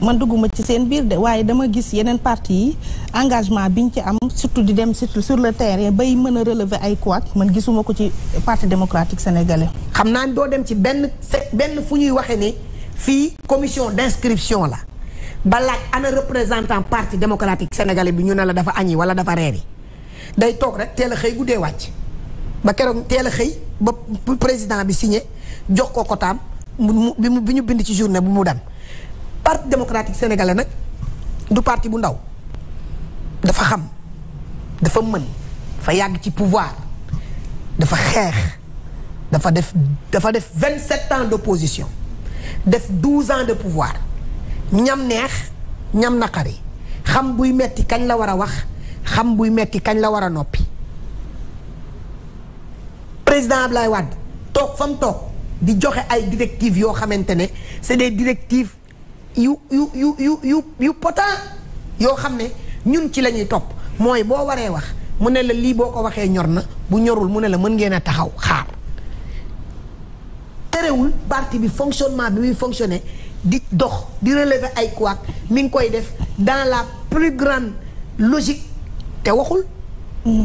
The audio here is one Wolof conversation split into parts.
man dugguma ci seen biir de waaye dama gis yeneen parti engagement bi ñu ci am surtout di dem surtout sur le terrain bay mën a relever ay couac man gisuma ko ci parti démocratique sénégalais. xam naa ne doo dem ci benn benn fu ñuy waxee ni fii commission d'inscription la balaaj ana représentant parti démocratique sénégalais bi ñu ne la dafa añ yi wala dafa reeri day toog rek teel a xëy guddee wàcc ba keroog teel a xëy ba président bi signé jox ko kotaam mu bi ñu bind ci journée bu mu dem. parti démocratique sénégalais nak du parti bu ndaw dafa xam dafa mën fa yag ci pouvoir dafa xex dafa def dafa def 27 ans d'opposition def 12 ans de pouvoir ñam neex ñam naqari xam buy metti kañ la war a wax xam buy metti kañ la war a noppi président Ablaye Wade toog fa mu toog di joxe ay directives yoo xamante ne c'est des directives yu yu yu yu yu yu potent yoo xam ne ñun ci la ñuy topp mooy boo waree wax mu ne la lii boo ko waxee ñor na bu ñorul mu ne la mën ngeen a taxaw xaar terewul parti bi fonctionnement bi muy fonctionner di dox di relever ay couac mi ngi koy def dans la plus grande logique te waxul mm.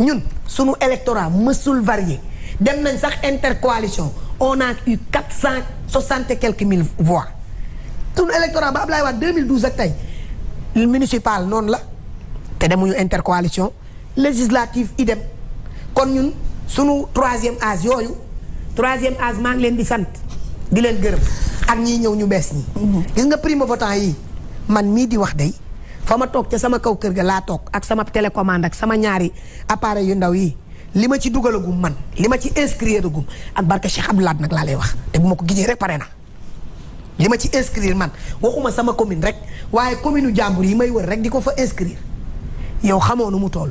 ñun suñu électorat mësul varié dem nañ sax intercoalition on a eu 460 quelques mille voix suñu électorat ba Ablaye Wade 2012 ak tey municipal non la te demuñu intercoalition législatif idem kon ñun suñu troisième âge troisième âge maa ngi leen di sant di leen gërëm ak ñiy ñëw ñu bees ñi mhm. gis nga primo votant yi man mi di wax day fa ma toog ca sama kaw kër ga laa toog ak sama télécommande ak sama ñaari appareil yu ndaw yi li ma ci dugalagum man li ma ci inscrire gum ak barke Cheikh Abdou Lahad nag laa lay wax te bu ma ko gisee rek pare na. li ma ci inscrire man waxuma sama commune rek waaye commune u jàmbur yi may wër rek di ko fa inscrire yow xamoo nu mu toll.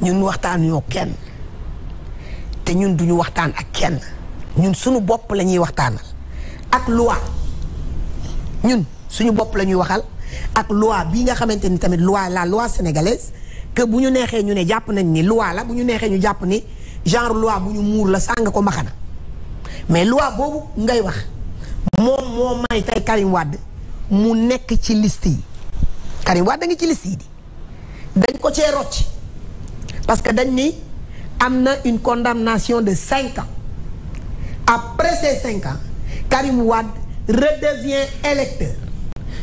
ñun waxtaan ñoo kenn te ñun duñu waxtaan ak kenn ñun suñu bopp la ñuy waxtaanal ak loi ñun suñu bopp la ñuy waxal ak loi bii nga xamante ni tamit loi la loi sénégalaise que bu ñu neexee ñu ne jàpp nañ ni loi la bu ñu neexee ñu jàpp ni genre loi bu ñu muur la nga ko maxana mais loi boobu ngay wax moom moo may tey Karim mu nekk ci list yi Karim Wade ci liste yi di dañ ko cee Parce que Dani a une condamnation de 5 ans. Après ces 5 ans, Karim Ouad redevient électeur.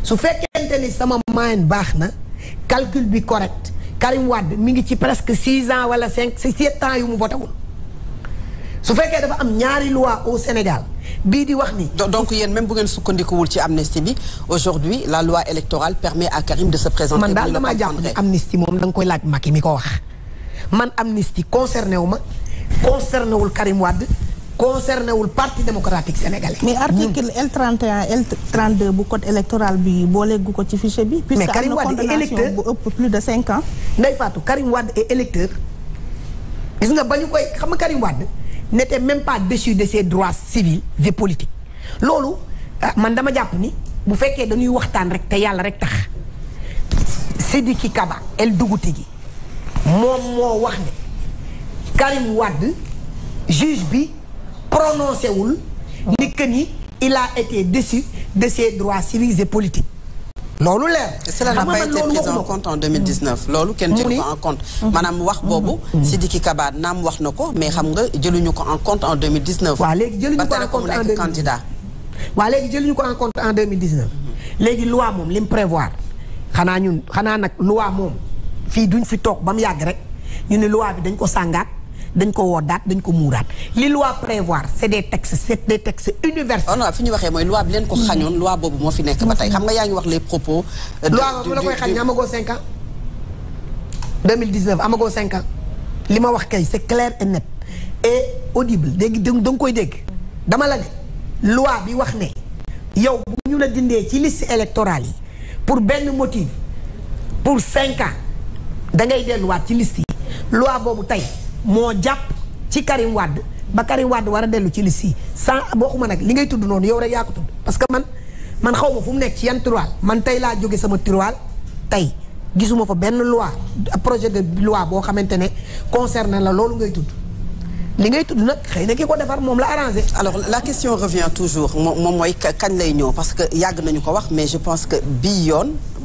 Ce fait qu'il y a un calcul correct. Karim Ouad, il y a presque 6 ans 7 ans, il y a un Ce fait qu'il y a une loi au Sénégal. Donc, même si vous avez un amnistie, aujourd'hui, la loi électorale permet à Karim de se présenter. Je ne sais pas amnistie, je ne pas man amnistie concerné wu ma concerné Karim Wade concerné le parti démocratique sénégalais. mais article hmm. L 31 L 32 du code électoral bi bolé ko ci fichier bi. mais Karim Wade est électeur plus de cinq ans. Ndeye Fatou Karim Wade est électeur gis nga ba koy xam Karim Wade n'était même pas déçu de ses droits civils et politiques Lolo, ah, man dama vous ni bu féké dañuy waxtaan rek té yalla rek tax Sidiki Kaba el Duguti Karim Wade juge bi prononcé il a été déçu de ses droits civiques et politiques cela n'a pas été pris mm-hmm. mm-hmm. Mm-hmm. en compte en 2019. Lolo pris en compte. Madame wax Sidiki mais a été pris en compte en 2019. en compte en 2019 candidat. pris en compte en 2019. loi fi duñ fi tok bam mu rek ñu ne loi bi dañ ko sàngaat dañ ko woddaat dañ ko muuraat li loi prévoir c'est des textes c'est des textes universels. Oh non fi ñu waxe moy loi bi leen ko xañoon loi bobu mo fi nekk ba tay xam nga yaa wax les propos. Euh, de loi boobu la koy 5 ans 2019 amago 5 ans lima wax kay c'est clair et net et audible dégg da nga koy dégg dama la loi bi wax ne yow ñu la dindé ci liste électorale yi pour ben motif pour 5 ans dangay den wat ci liste loi bobu tay mo japp ci Karim Wade ba Karim Wade wara delu ci liste sans bokuma nak li ngay tudd non yow rek yaa ko tudd parce que man man xawma ma fu mu nekk ci yan tiroir man tay la jóge sama tiroir tay gisuma fa ben loi projet de loi bo xamantene concerné la lolou ngay tudd li ngay tudd nak xeyna kiko defar mom la arranger alors la question revient toujours mom moy kañ lay ñëw parce que yag nañu ko wax mais je pense que bion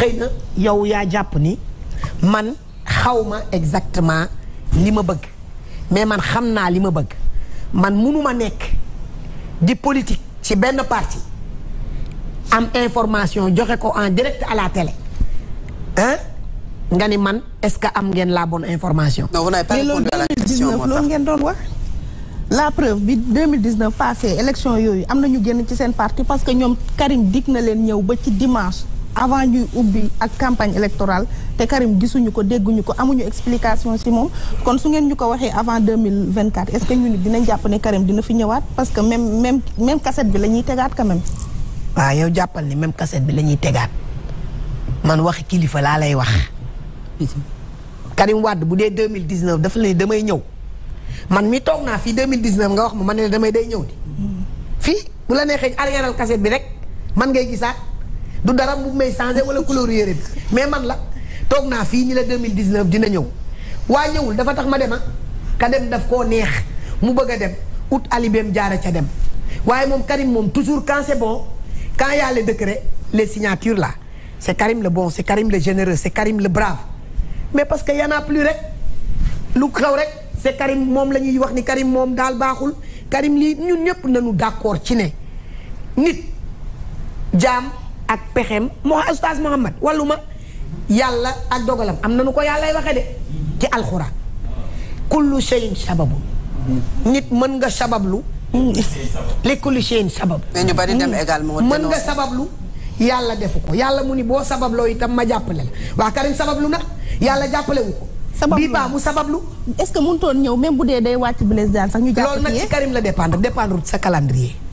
Je yow yaa jàpp ni man xaw exactement li mais man xam naa li man munuma di politique ci benn parti am information joxe ko en direct à la télé hein est-ce que am la bonne information. vous n'avez pas la preuve 2019 passé élection yooyu am ñu parti parce que Karim dig na dimanche. avant ñuy ubbi ak campagne électorale te Karim gisuñu ko dégguñu ko amuñu explication ci moom kon su ngeen ñu ko waxee avant 2024 est-ce que ñu dinañ jàpp ne Karim dina fi ñëwaat parce que même même même cassette bi la ñuy tegaat quand même. waaw jàppal ni même cassette bi la ñuy tegaat man waxi kilifa laa lay wax. Karim Wade bu dee deux mille 2019 dafa la ni damay ñëw man mi toog naa fii 2019 nga wax ma man ne damay day ñëw ni fii bu la neexee ariñaanal cassette bi rek man ngay gisaat. du dara bu may changé wala couleur mais man la toog naa fii ñi la 2019 dina ñëw waa ñëwul dafa tax ma dema ah. ka dem daf koo neex mu bëgg a dem ut alibeem jaara ca dem waaye moom Karim moom toujours quand c'est bon quand y a les décrets les signatures là c'est Karim le bon c'est Karim le généreux c'est Karim le brave mais parce que y en a plus rek lu xew rek c'est Karim moom la ñuy wax ni Karim moom daal baaxul Karim lii ñun ñëpp nañu d'accord ci ne nit jaam ak pexeem moo ustaas Muhammad wàllu ma yàlla ak dogalam am na nu ko yàllay waxe de ci alxuraan kullu shay'in sababu nit mën nga sabablu li kulli shay'in sababu mais ñu bari dem également mën nga sabablu yàlla defu ko yàlla mu ni boo sababloo itam ma jàppale la waa Karim sabablu na yàlla jàppalewu ko sabablu bii mu sabablu. est-ce que mënutoon ñëw même bu dee day wàcc Blaise Diagne sax ñu. jàpp loolu nag ci Karim la dépendre dépendre sa calendrier.